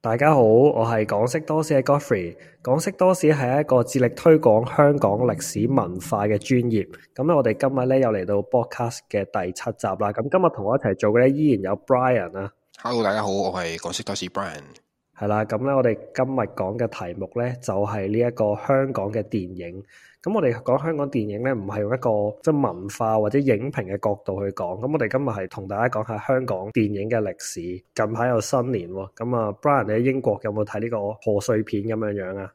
大家好，我係港識多史嘅 Godfrey，港識多史係一個致力推廣香港歷史文化嘅專業。咁咧，我哋今日咧又嚟到 Podcast 嘅第七集啦。咁今日同我一齊做嘅咧，依然有 Brian 啊。Hello，大家好，我係港識多史 Brian。係啦，咁咧我哋今日講嘅題目咧，就係呢一個香港嘅電影。咁我哋講香港電影咧，唔係用一個即係文化或者影評嘅角度去講。咁我哋今日係同大家講下香港電影嘅歷史。近排有新年，咁啊，Brian 你喺英國有冇睇呢個賀歲片咁樣樣啊？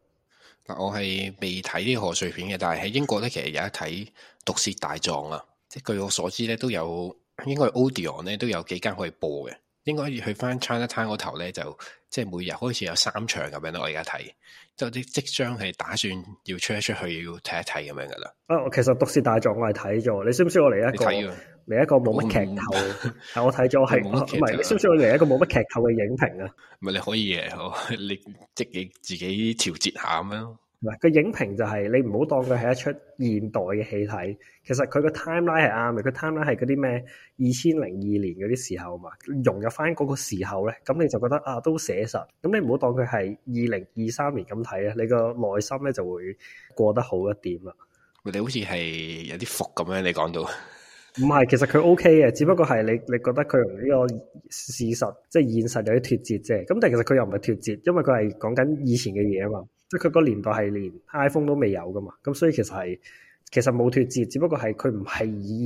嗱，我係未睇呢賀歲片嘅，但係喺英國咧，其實有一睇《毒舌大狀》啊。即係據我所知咧，都有應該 Odeon 咧都有幾間可以播嘅。應該可以去翻 China Town 嗰頭咧，就即係每日好似有三場咁樣咯。我而家睇。就即係即將係打算要出要看一出去要睇一睇咁樣噶啦。啊、哦，我其實《毒舌大狀》我係睇咗，你需唔需要我嚟一個嚟一個冇乜劇透。係我睇不咗，係唔係？你需唔需要我嚟一個冇乜劇透嘅影評啊？唔係 你可以嘅，你即己自己調節下咁樣。嗱，個影評就係、是、你唔好當佢係一出現代嘅戲睇，其實佢個 timeline 係啱嘅，佢 timeline 係嗰啲咩二千零二年嗰啲時候嘛，融入翻嗰個時候咧，咁你就覺得啊都寫實，咁你唔好當佢係二零二三年咁睇咧，你個內心咧就會過得好一點啦。你好似係有啲伏咁樣，你講到唔係，其實佢 OK 嘅，只不過係你你覺得佢同呢個事實即係、就是、現實有啲脱節啫。咁但其實佢又唔係脱節，因為佢係講緊以前嘅嘢啊嘛。佢個年代係連 iPhone 都未有噶嘛，咁所以其實係其實冇脱節，只不過係佢唔係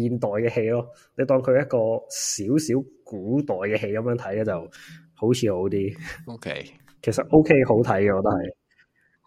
現代嘅戲咯、哦。你當佢一個少少古代嘅戲咁樣睇咧，就好似好啲。OK，其實 OK 好睇嘅我都係。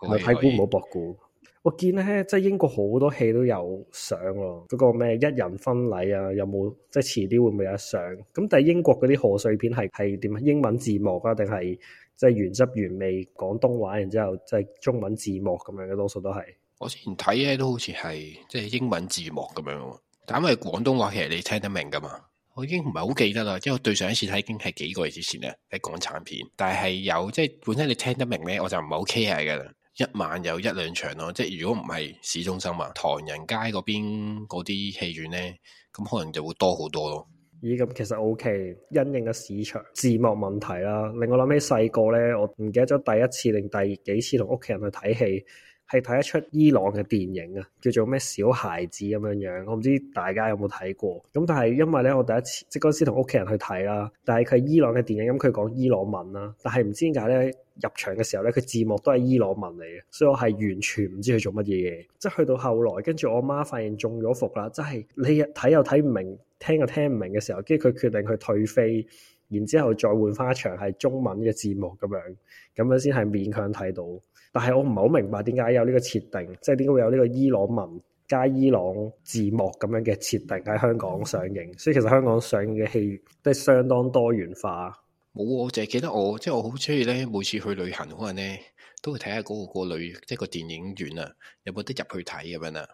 我睇估唔 o 博古。okay. 我見咧即係英國好多戲都有相喎、啊，嗰、那個咩一人婚禮啊，有冇即係遲啲會唔會有得相？咁但係英國嗰啲賀歲片係係點啊？英文字幕啊定係？即係原汁原味廣東話，然之後即係中文字幕咁樣嘅多數都係。我之前睇咧都好似係即係英文字幕咁樣喎。但因為廣東話其實你聽得明噶嘛？我已經唔係好記得啦，因為我對上一次睇已經係幾個月之前啦，係港產片。但係有即係本身你聽得明咧，我就唔係好 care 嘅。一晚有一兩場咯，即係如果唔係市中心啊，唐人街嗰邊嗰啲戲院咧，咁可能就會多好多咯。咦，咁其實 OK，因應嘅市場字幕問題啦，令我諗起細個咧，我唔記得咗第一次定第幾次同屋企人去睇戲，係睇一齣伊朗嘅電影啊，叫做咩小孩子咁樣樣，我唔知大家有冇睇過。咁但係因為咧我第一次即嗰時同屋企人去睇啦，但係佢係伊朗嘅電影，咁佢講伊朗文啦，但係唔知點解咧入場嘅時候咧佢字幕都係伊朗文嚟嘅，所以我係完全唔知佢做乜嘢嘅。即係去到後來，跟住我媽發現中咗伏啦，即係你睇又睇唔明。聽又聽唔明嘅時候，跟住佢決定佢退飛，然之後再換翻一場係中文嘅字幕咁樣，咁樣先係勉強睇到。但係我唔係好明白點解有呢個設定，即係點解會有呢個伊朗文加伊朗字幕咁樣嘅設定喺香港上映。所以其實香港上映嘅戲都係相當多元化。冇，我淨係記得我即係、就是、我好中意咧，每次去旅行嗰陣咧，都會睇下嗰個個女即係個電影院啊，有冇得入去睇咁樣啊？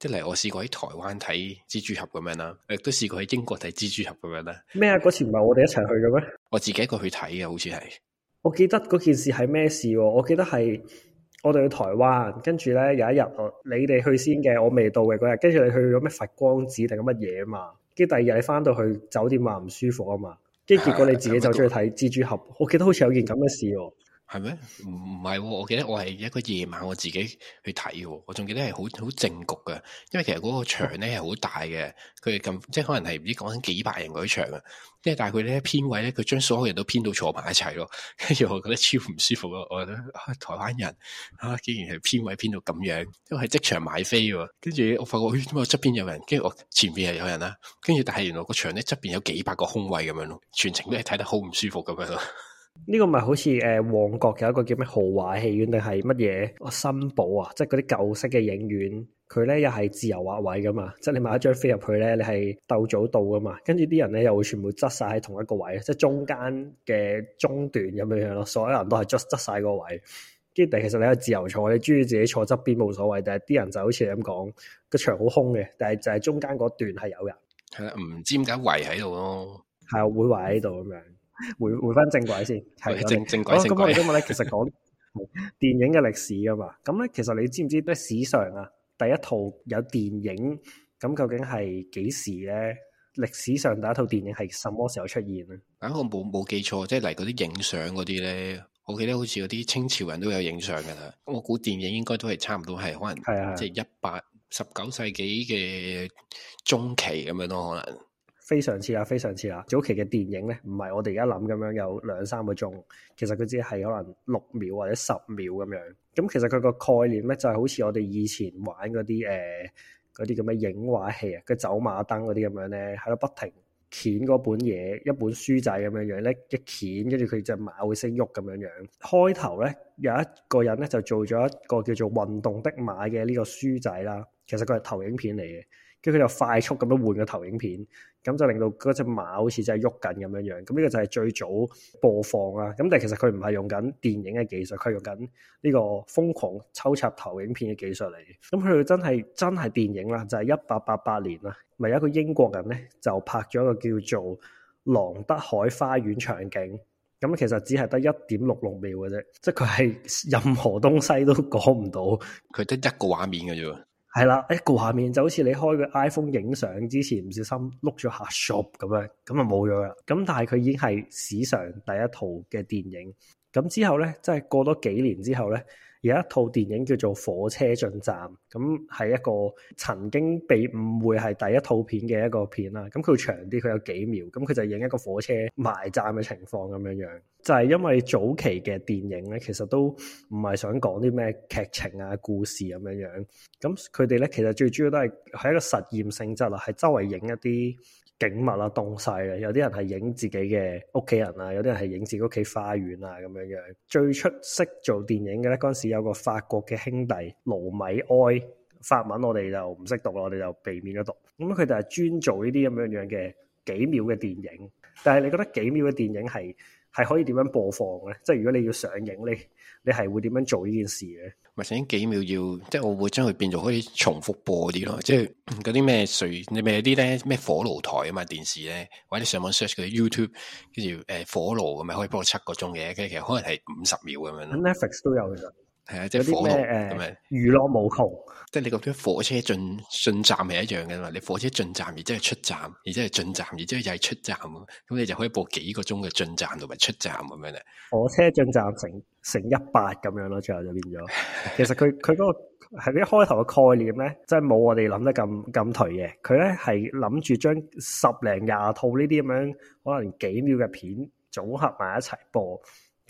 即係嚟，我試過喺台灣睇蜘蛛俠咁樣啦，亦都試過喺英國睇蜘蛛俠咁樣啦。咩啊？嗰次唔係我哋一齊去嘅咩？我自己一個去睇嘅，好似係、啊。我記得嗰件事係咩事？我記得係我哋去台灣，跟住咧有一日，我你哋去先嘅，我未到嘅嗰日，跟住你去咗咩佛光寺定乜嘢啊嘛？跟住第二日你翻到去酒店話唔舒服啊嘛。跟住結果你自己走出去睇蜘蛛俠，啊、我記得好似有件咁嘅事、啊。係咩？唔唔係？我記得我係一個夜晚，我自己去睇嘅。我仲記得係好好正局嘅，因為其實嗰個場咧係好大嘅。佢咁即係可能係唔知講緊幾百人嗰啲場啊。因為但係佢咧編位咧，佢將所有人都編到坐埋一齊咯。跟住我覺得超唔舒服咯。我覺得、啊、台灣人啊，竟然係編位編到咁樣，因為係即場買飛。跟住我發覺，哎、我側邊有人，跟住我前邊係有人啦。跟住但係原來個場咧側邊有幾百個空位咁樣咯。全程都係睇得好唔舒服咁樣咯。呢個咪好似誒、呃、旺角嘅一個叫咩豪華戲院定係乜嘢新寶啊？即係嗰啲舊式嘅影院，佢咧又係自由劃位噶嘛。即係你買一張飛入去咧，你係鬥早到噶嘛。跟住啲人咧又會全部執晒喺同一個位，即係中間嘅中段咁樣樣咯。所有人都係 just 執晒個位。跟住其實你係自由坐，你中意自己坐側邊冇所謂。但係啲人就好似你咁講，個場好空嘅，但係就係中間嗰段係有人。係啊、嗯，唔知點解圍喺度咯。係、嗯、會圍喺度咁樣。回回翻正軌先，係正正軌。咁我哋今日咧，其實講電影嘅歷史㗎嘛。咁咧，其實你知唔知咧史上啊第一套有電影咁究竟係幾時咧？歷史上第一套電影係什麼時候出現咧？啊，我冇冇記錯，即係嚟嗰啲影相嗰啲咧，我記得好似嗰啲清朝人都有影相㗎啦。我估電影應該都係差唔多係，可能即係一八十九世紀嘅中期咁樣咯可能。非常似啊，非常似啊！早期嘅電影咧，唔係我哋而家諗咁樣有兩三個鐘，其實佢只係可能六秒或者十秒咁樣。咁、嗯、其實佢個概念咧，就係、是、好似我哋以前玩嗰啲誒嗰啲咁嘅影畫戲啊，佢走馬燈嗰啲咁樣咧，喺度不停鉛嗰本嘢一本書仔咁樣樣咧，一鉛，跟住佢隻馬會升喐咁樣樣。開頭咧有一個人咧就做咗一個叫做運動的馬嘅呢個書仔啦，其實佢係投影片嚟嘅。跟住佢就快速咁樣換個投影片，咁就令到嗰隻馬好似真係喐緊咁樣樣。咁呢個就係最早播放啦。咁但係其實佢唔係用緊電影嘅技術，佢用緊呢個瘋狂抽插投影片嘅技術嚟。咁佢真係真係電影啦，就係一八八八年啦，咪有一個英國人咧就拍咗一個叫做《郎德海花園》場景。咁其實只係得一點六六秒嘅啫，即係佢係任何東西都講唔到，佢得一個畫面嘅啫。係啦，一個下面就好似你開個 iPhone 影相之前唔小心碌咗下 shop 咁樣，咁就冇咗啦。咁但係佢已經係史上第一套嘅電影。咁之後咧，即係過多幾年之後咧。有一套電影叫做《火車進站》，咁係一個曾經被誤會係第一套片嘅一個片啦。咁佢長啲，佢有幾秒，咁佢就影一個火車埋站嘅情況咁樣樣。就係因為早期嘅電影咧，其實都唔係想講啲咩劇情啊、故事咁樣樣。咁佢哋咧其實最主要都係係一個實驗性質啦，係周圍影一啲。景物啦，東西啊，有啲人係影自己嘅屋企人啊，有啲人係影自己屋企花園啊，咁樣樣。最出色做電影嘅咧，嗰陣時有個法國嘅兄弟盧米埃，法文我哋就唔識讀啦，我哋就避免咗讀。咁佢就係專做呢啲咁樣樣嘅幾秒嘅電影。但係你覺得幾秒嘅電影係？係可以點樣播放咧？即係如果你要上映，你你係會點樣做呢件事咧？咪先幾秒要，即係我會將佢變做可以重複播啲咯。即係嗰啲咩隨你咪有啲咧，咩火爐台啊嘛，電視咧，或者你上網 search 嗰啲 YouTube，跟住誒、呃、火爐咁咪可以播七個鐘嘅，跟住其實可能係五十秒咁樣。Netflix 都有其係啊，即係火樂咁啊！娛樂、呃、樣無窮，即係你覺得火車進進站係一樣嘅嘛？你火車進站而即係出站，而即係進站而即係又係出站，咁你就可以播幾個鐘嘅進站同埋出站咁樣咧。火車進站成成一百咁樣咯，最後就變咗。 其實佢佢嗰個係一開頭嘅概念咧，即係冇我哋諗得咁咁頹嘅。佢咧係諗住將十零廿套呢啲咁樣可能幾秒嘅片組合埋一齊播。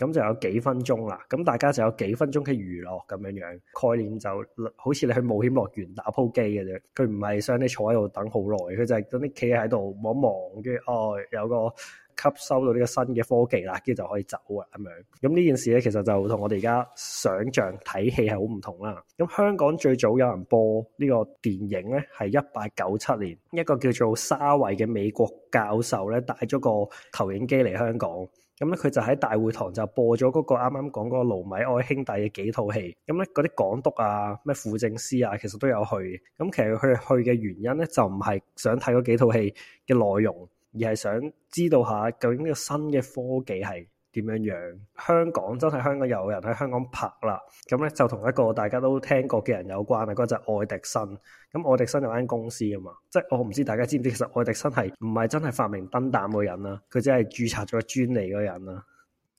咁就有幾分鐘啦，咁大家就有幾分鐘嘅娛樂，咁樣樣概念就好似你去冒險樂園打鋪機嘅啫，佢唔係想你坐喺度等好耐，佢就係等你企喺度望一望，跟住哦，有個，吸收到呢個新嘅科技啦，跟住就可以走啊咁樣。咁呢件事咧，其實就同我哋而家想象睇戲係好唔同啦。咁香港最早有人播呢個電影咧，係一八九七年，一個叫做沙維嘅美國教授咧，帶咗個投影機嚟香港。咁咧，佢就喺大會堂就播咗嗰個啱啱講嗰個盧米埃兄弟嘅幾套戲。咁咧，嗰啲港督啊、咩輔政司啊，其實都有去。咁其實佢去嘅原因咧，就唔係想睇嗰幾套戲嘅內容。而係想知道下究竟呢個新嘅科技係點樣樣？香港真係香港有人喺香港拍啦，咁咧就同一個大家都聽過嘅人有關啦。嗰、那個、就係愛迪生咁、嗯，愛迪生有間公司啊嘛，即係我唔知大家知唔知，其實愛迪生係唔係真係發明燈膽嗰個人啦？佢只係註冊咗專利嗰個人啦。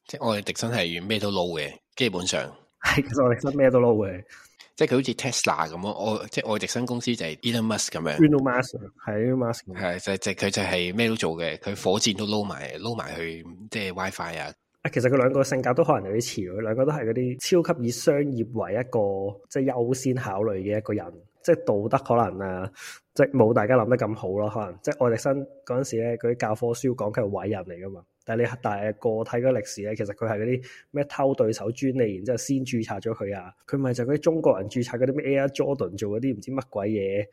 即係愛迪生係咩都撈嘅，基本上係其實愛迪生咩都撈嘅。即係佢好似 Tesla 咁咯，我即係愛迪生公司就係 Elon Musk 咁樣 Elon Musk 係 Musk 係就是、就佢就係咩都做嘅，佢火箭都撈埋，撈埋去即係、就是、WiFi 啊。啊，其實佢兩個性格都可能有啲似佢兩個都係嗰啲超級以商業為一個即係優先考慮嘅一個人，即係道德可能啊，即係冇大家諗得咁好咯。可能即係愛迪生嗰陣時咧，啲教科書講佢係偉人嚟噶嘛。但係你大個睇嗰歷史咧，其實佢係嗰啲咩偷對手專利，然之後先注冊咗佢啊。佢咪就嗰啲中國人注冊嗰啲咩 Air Jordan 做嗰啲唔知乜鬼嘢，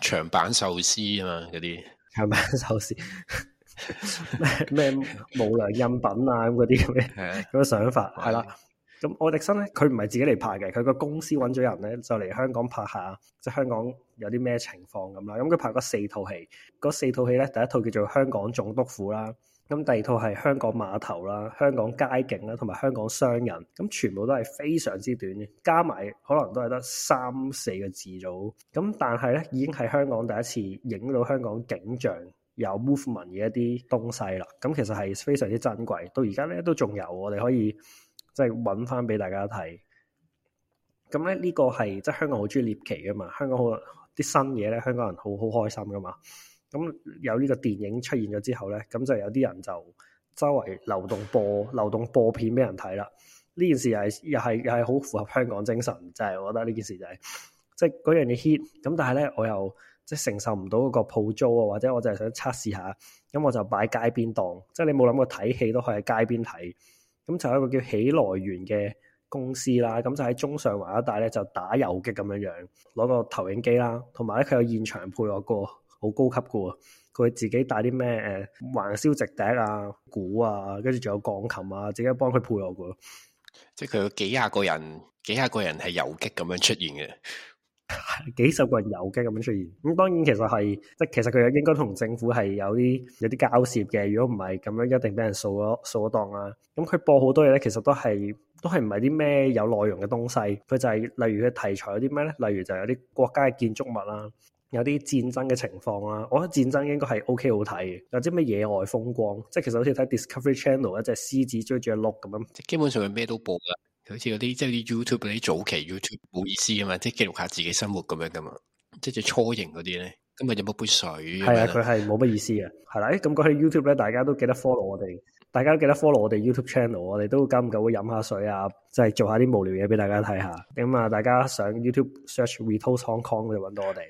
長版壽司啊嘛嗰啲，長版壽司咩咩 無良印品啊咁嗰啲咁嘅咁嘅想法係啦。咁愛迪生咧，佢唔係自己嚟拍嘅，佢個公司揾咗人咧就嚟香港拍下，即係香港有啲咩情況咁啦。咁佢拍咗四套戲，嗰四套戲咧，第一套叫做《香港總督府》啦。咁第二套係香港碼頭啦、香港街景啦，同埋香港商人，咁全部都係非常之短嘅，加埋可能都係得三四個字度。咁但係咧，已經係香港第一次影到香港景象有 movement 嘅一啲東西啦。咁其實係非常之珍貴，到而家咧都仲有，我哋可以即係搵翻俾大家睇。咁咧呢、呢個係即係香港好中意獵奇噶嘛？香港好啲新嘢咧，香港人好好開心噶嘛？咁有呢個電影出現咗之後咧，咁就有啲人就周圍流動播、流動播片俾人睇啦。呢件事又係又係又係好符合香港精神，就係我覺得呢件事就係、是、即係嗰樣嘢 hit。咁但係咧，我又即係承受唔到嗰個鋪租啊，或者我就係想測試下，咁我就擺街邊檔。即係你冇諗過睇戲都可以喺街邊睇。咁就有一個叫喜來源嘅公司啦，咁就喺中上環一帶咧，就打游擊咁樣樣攞個投影機啦，同埋咧佢有現場配樂歌。好高級噶喎！佢自己帶啲咩誒，橫、啊、簫、直笛啊、鼓啊，跟住仲有鋼琴啊，自己幫佢配樂噶。即係佢有幾廿個人，幾廿個人係游擊咁樣出現嘅，幾十個人游擊咁樣,出現, 樣出現。咁、嗯、當然其實係，即係其實佢應該同政府係有啲有啲交涉嘅。如果唔係咁樣，一定俾人掃咗掃咗檔啦。咁佢、啊、播好多嘢咧，其實都係都係唔係啲咩有內容嘅東西。佢就係、是、例如佢題材有啲咩咧？例如就有啲國家嘅建築物啦。有啲戰爭嘅情況啦、啊，我覺得戰爭應該係 OK 好睇嘅。有啲咩野外風光，即係其實好似睇 Discovery Channel 一隻獅子追住一碌咁樣。即基本上係咩都播啦，好似嗰啲即係啲 YouTube 嗰啲早期 YouTube 冇意思㗎嘛，即係記錄下自己生活咁樣㗎嘛。即係初型嗰啲咧，今日有冇杯水？係啊，佢係冇乜意思嘅係啦。誒咁講起 YouTube 咧，大家都記得 follow 我哋，大家都記得 follow 我哋 YouTube channel。我哋都夠唔夠會飲下水啊？即、就、係、是、做下啲無聊嘢俾大家睇下。咁啊，大家上 YouTube search Retold Hong Kong 就揾到我哋。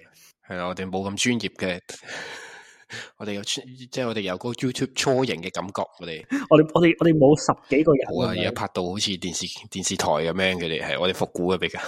係啊，我哋冇咁專業嘅， 我哋有即係我哋有個 YouTube 初型嘅感覺，我哋， 我哋我哋我哋冇十幾個人好啊，而家拍到好似電視電視台咁樣佢哋係我哋復古嘅比較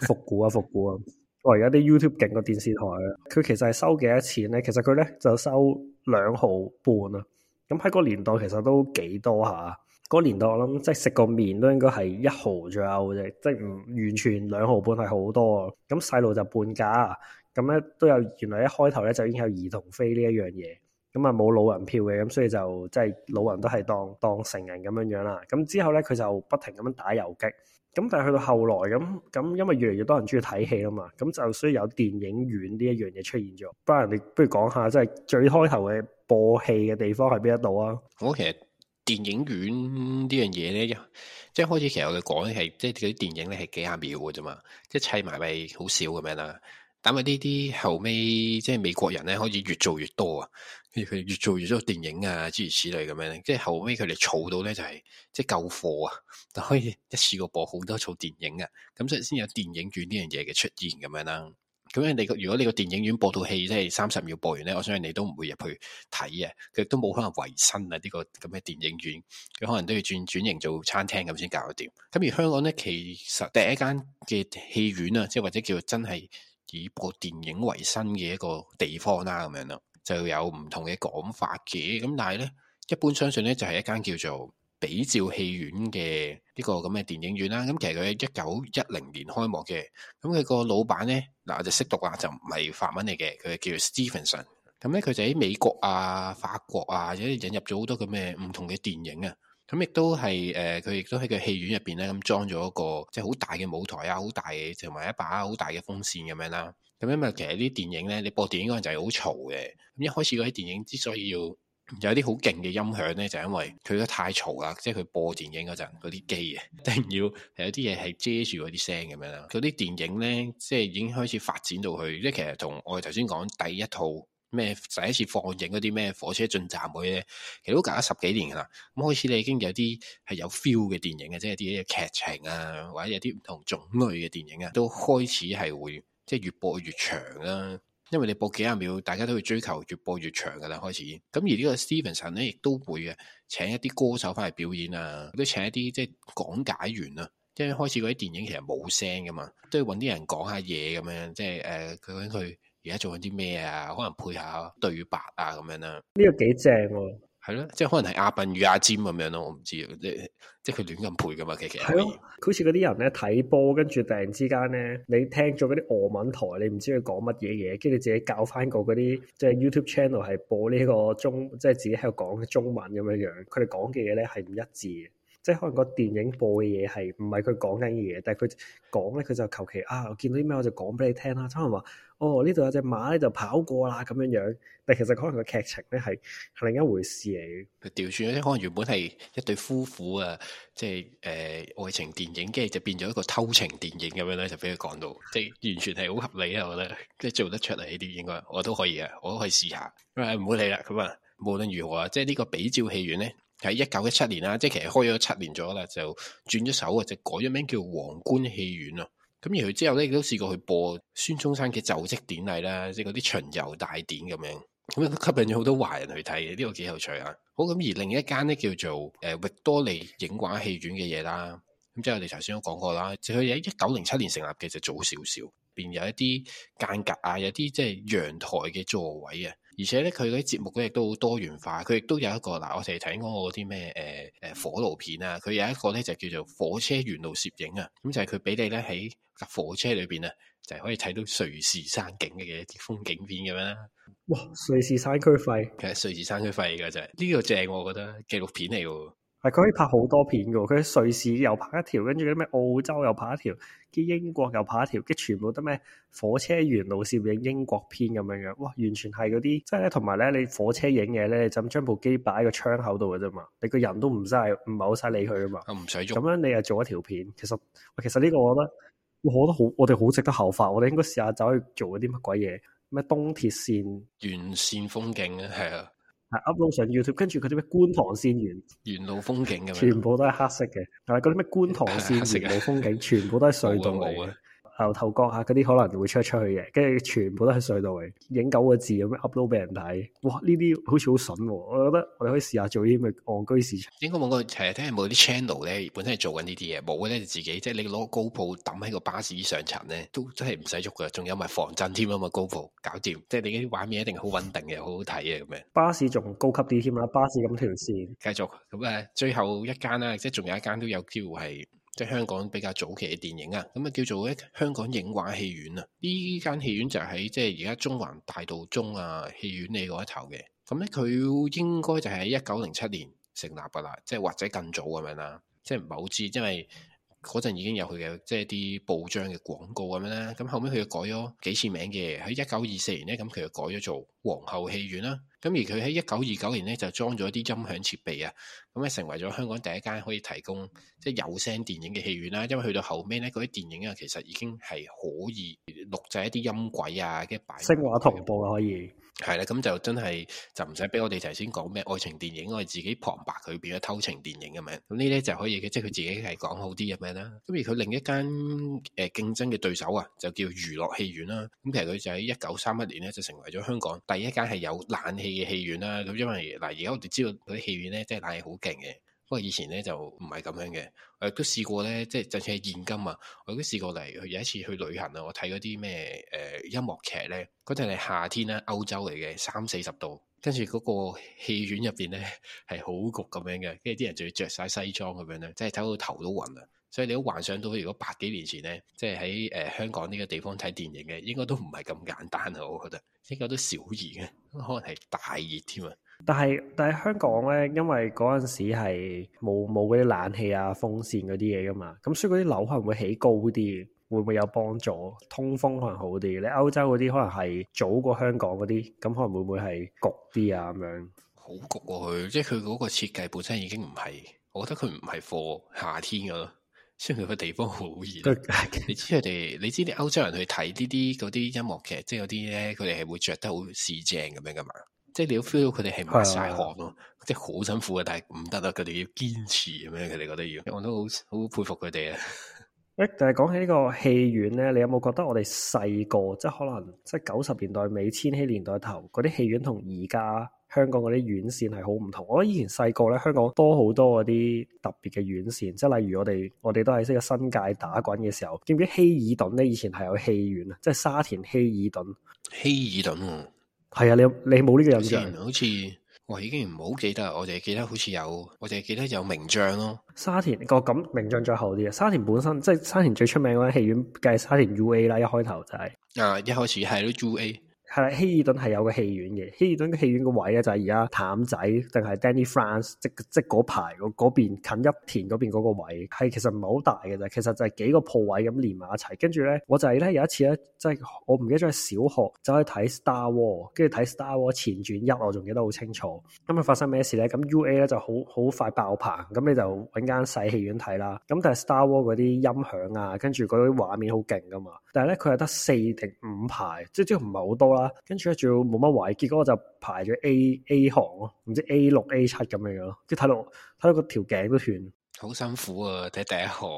復 古啊，復古啊，我而家啲 YouTube 勁過電視台啊，佢其實係收幾多錢咧？其實佢咧就收兩毫半啊。咁喺嗰個年代其實都幾多吓、啊，嗰個年代我諗即係食個麵都應該係一毫左右嘅，即係唔完全兩毫半係好多啊，咁細路就半價。咁咧、嗯、都有，原來一開頭咧就已經有兒童飛呢一樣嘢，咁啊冇老人票嘅，咁、嗯、所以就即係老人都係當當成人咁樣樣啦。咁、嗯、之後咧佢就不停咁樣打游擊，咁、嗯、但係去到後來咁咁、嗯嗯，因為越嚟越多人中意睇戲吖嘛，咁就需要有電影院呢一樣嘢出現咗。不如、嗯嗯、你不如講下即係、就是、最開頭嘅播戲嘅地方喺邊一度啊？我、嗯、其實電影院呢樣嘢咧，即係開始其實我哋講係即係嗰啲電影咧係幾十秒嘅啫嘛，即係砌埋咪好少咁樣啦。咁啊！呢啲後尾，即係美國人咧，可以越做越多啊。跟住佢越做越多電影啊，諸如此類咁樣。即係後尾佢哋儲到咧、就是，就係即係舊貨啊，就可以一次過播好多套電影啊。咁所以先有電影院呢樣嘢嘅出現咁樣啦、啊。咁人哋如果你個電影院播套戲，即係三十秒播完咧，我相信你都唔會入去睇啊。佢都冇可能維生啊，呢、這個咁嘅電影院，佢可能都要轉轉型做餐廳咁先搞掂。咁而香港咧，其實第一間嘅戲院啊，即係或者叫真係。以部電影為生嘅一個地方啦、啊，咁樣咯，就有唔同嘅講法嘅。咁但係咧，一般相信咧就係、是、一間叫做比照戲院嘅呢個咁嘅電影院啦、啊。咁其實佢喺一九一零年開幕嘅。咁佢個老闆咧嗱就識讀啦，就唔係法文嚟嘅，佢係叫 Stevenson。咁咧佢就喺美國啊、法國啊，或者引入咗好多嘅咩唔同嘅電影啊。咁亦都係誒，佢、呃、亦都喺個戲院入邊咧，咁、嗯、裝咗一個即係好大嘅舞台啊，好大嘅，同埋一把好大嘅風扇咁樣啦。咁因為其實啲電影咧，你播電影嗰陣就係好嘈嘅。咁一開始嗰啲電影之所以要有啲好勁嘅音響咧，就係因為佢都太嘈啦，即係佢播電影嗰陣嗰啲機呀，一定要有啲嘢係遮住嗰啲聲咁樣啦。嗰啲電影咧，即係已經開始發展到去，即係其實同我哋頭先講第一套。咩第一次放映嗰啲咩火車進站嗰啲咧，其實都隔咗十幾年噶啦。咁開始咧已經有啲係有 feel 嘅電影啊，即係啲劇情啊，或者有啲唔同種類嘅電影啊，都開始係會即係越播越長啦。因為你播幾廿秒，大家都會追求越播越長噶啦。開始咁而個呢個 Stevenson 咧，亦都會嘅，請一啲歌手翻嚟表演啊，都請一啲即係講解員啊，因為開始嗰啲電影其實冇聲噶嘛，都要揾啲人講下嘢咁樣，即係誒佢佢。呃而家做緊啲咩啊？可能配下對白啊，咁樣啦。呢個幾正喎，係咯，即係可能係阿笨與阿尖咁樣咯。我唔知，即係即係佢亂咁配噶嘛。其實係咯，好似嗰啲人咧睇波，跟住突然之間咧，你聽咗嗰啲俄文台，你唔知佢講乜嘢嘢，跟住你自己搞翻個嗰啲即係 YouTube channel 係播呢個中，即係自己喺度講嘅中文咁樣樣，佢哋講嘅嘢咧係唔一致嘅。即係可能個電影播嘅嘢係唔係佢講緊嘅嘢，但係佢講咧，佢就求其啊，我見到啲咩我就講俾你聽啦。可能話哦，呢度有隻馬咧就跑過啦咁樣樣，但其實可能個劇情咧係係另一回事嚟。佢調轉咗，即可能原本係一對夫婦啊，即係誒、呃、愛情電影，跟住就變咗一個偷情電影咁樣咧，就俾佢講到，即係完全係好合理啊，我覺得即係做得出嚟呢啲應該我都可以啊，我都可以試下。喂，唔好理啦，咁啊無論如何啊，即係呢個比照戲院咧。喺一九一七年啦，即係其實開咗七年咗啦，就轉咗手啊，就改咗名叫皇冠戲院啦。咁而佢之後咧，亦都試過去播孫中山嘅就職典禮啦，即係嗰啲巡遊大典咁樣，咁吸引咗好多華人去睇，呢、這個幾有趣啊！好，咁而另一間咧叫做誒域、呃、多利影畫戲院嘅嘢啦，咁即係我哋頭先都講過啦，就佢喺一九零七年成立嘅，就早少少，便有一啲間隔啊，有啲即係陽台嘅座位啊。而且咧，佢啲節目咧亦都好多元化，佢亦都有一個嗱，我哋睇過嗰啲咩誒誒火爐片啊，佢有一個咧就叫做火車沿路攝影啊，咁、嗯、就係佢俾你咧喺搭火車裏邊啊，就係、是、可以睇到瑞士山景嘅一啲風景片咁樣啦。哇！瑞士山區廢，其實瑞士山區廢㗎啫，呢個正我覺得紀錄片嚟㗎。係佢可以拍好多片噶，佢瑞士又拍一條，跟住啲咩澳洲又拍一條，啲英國又拍一條，跟全部都咩火車沿路攝影英國片咁樣樣，哇！完全係嗰啲，即係咧，同埋咧，你火車影嘢咧，就咁將部機擺喺個窗口度噶啫嘛，你個人都唔使，唔係好使理佢啊嘛。唔使做。咁樣，你又做一條片，其實其實呢個我覺得，我覺得好，我哋好值得效法，我哋應該試下走去做嗰啲乜鬼嘢，咩東鐵線沿線風景啊，係啊。upload 上 YouTube，跟住佢啲咩觀塘線沿，沿路風景全部都係黑色嘅，但係嗰啲咩觀塘線沿 的路風景，全部都係隧道嚟嘅 了。來牛頭角下嗰啲可能會出出去嘅，跟住全部都喺隧道嚟影九個字咁樣 upload 俾人睇。哇！呢啲好似好筍喎，我覺得我哋可以試下做呢啲嘅戇居市場。應該冇個成日聽冇啲 channel 咧，本身係做緊呢啲嘢，冇嘅咧就自己即係你攞 GoPro 揼喺個巴士上層咧，都真係唔使郁㗎。仲有埋防震添啊嘛，GoPro 搞掂，即係你嗰啲畫面一定好穩定嘅，好好睇嘅咁樣。巴士仲高級啲添啦，巴士咁條線。繼續咁誒，最後一間啦，即係仲有一間都有機會係。即係香港比較早期嘅電影啊，咁啊叫做咧香港影畫戲院啊，呢間戲院就喺即係而家中環大道中啊戲院里嗰一頭嘅，咁咧佢應該就喺一九零七年成立噶啦，即係或者更早咁樣啦，即係唔係好知，因為。嗰陣已經有佢嘅即係啲報章嘅廣告咁樣啦。咁後尾，佢又改咗幾次名嘅。喺一九二四年咧，咁佢又改咗做皇后戲院啦。咁而佢喺一九二九年咧就裝咗啲音響設備啊，咁啊成為咗香港第一間可以提供即係、就是、有聲電影嘅戲院啦。因為去到後尾咧，嗰啲電影啊其實已經係可以錄製一啲音軌啊，跟住擺聲畫、啊、同步啦，可以。係啦，咁就真係就唔使俾我哋，頭先講咩愛情電影，我哋自己旁白佢變咗偷情電影咁樣，咁呢啲就可以即係佢自己係講好啲嘅咩啦。咁而佢另一間誒競爭嘅對手啊，就叫娛樂戲院啦。咁其實佢就喺一九三一年咧，就成為咗香港第一間係有冷氣嘅戲院啦。咁因為嗱，而家我哋知道嗰啲戲院咧，真係冷氣好勁嘅。不過以前咧就唔係咁樣嘅，我亦都試過咧，即係就算係現今啊，我都試過嚟去有一次去旅行啊，我睇嗰啲咩誒音樂劇咧，嗰陣係夏天啦、啊，歐洲嚟嘅三四十度，跟住嗰個戲院入邊咧係好焗咁樣嘅，跟住啲人就要着晒西裝咁樣咧，即係睇到頭都暈啊。所以你都幻想到如果百幾年前咧，即係喺誒香港呢個地方睇電影嘅，應該都唔係咁簡單啊，我覺得應該都小熱嘅、啊，可能係大熱添啊。但係但係香港咧，因為嗰陣時係冇冇嗰啲冷氣啊、風扇嗰啲嘢噶嘛，咁、嗯、所以嗰啲樓係會起高啲，會唔會有幫助？通風可能好啲。你歐洲嗰啲可能係早過香港嗰啲，咁、嗯、可能會唔會係焗啲啊？咁樣好焗啊！佢即係佢嗰個設計本身已經唔係，我覺得佢唔係 for 夏天噶咯，雖然佢個地方好熱。 你知佢哋，你知你歐洲人去睇啲啲嗰啲音樂劇，即係嗰啲咧，佢哋係會着得好四正咁樣噶嘛？即係你要 feel 到佢哋係抹晒汗咯，的即係好辛苦嘅，但係唔得啊！佢哋要堅持咁樣，佢哋覺得要，我都好好佩服佢哋啊！誒， 但係講起呢個戲院咧，你有冇覺得我哋細個，即係可能即係九十年代尾、千禧年代頭嗰啲戲院同而家香港嗰啲院線係好唔同？我以前細個咧，香港多好多嗰啲特別嘅院線，即係例如我哋我哋都喺呢個新界打滾嘅時候，記唔記得希爾頓咧？以前係有戲院啊，即係沙田希爾頓。希爾頓啊。.係啊，你你冇呢個印象？好似我已經唔好記得，我淨係記得好似有，我淨係記得有名將咯、哦。沙田、個咁名將再後啲啊！沙田本身即係沙田最出名嗰間戲院，計沙田 U A 啦，一開頭就係啊，一開始係都 U A。啊。係啦，希爾頓係有個戲院嘅。希爾頓嘅戲院個位咧就係而家譚仔定係 Danny France 即即嗰排個嗰邊近一田嗰邊嗰個位，係其實唔係好大嘅啫。其實就係幾個鋪位咁連埋一齊。跟住咧，我就係咧有一次咧，即係我唔記得咗係小學走去睇 Star War，跟住睇 Star War 前傳一，我仲記得好清楚。咁啊發生咩事咧？咁 UA 咧就好好快爆棚，咁你就揾間細戲院睇啦。咁但係 Star War 嗰啲音響啊，跟住嗰啲畫面好勁㗎嘛。但係咧，佢係得四定五排，即係都唔係好多啦。跟住咧，仲要冇乜位，結果我就排咗 A A 行咯，唔知 A 六 A 七咁樣樣咯。即係睇到睇到個條頸都斷，好辛苦啊！睇第一行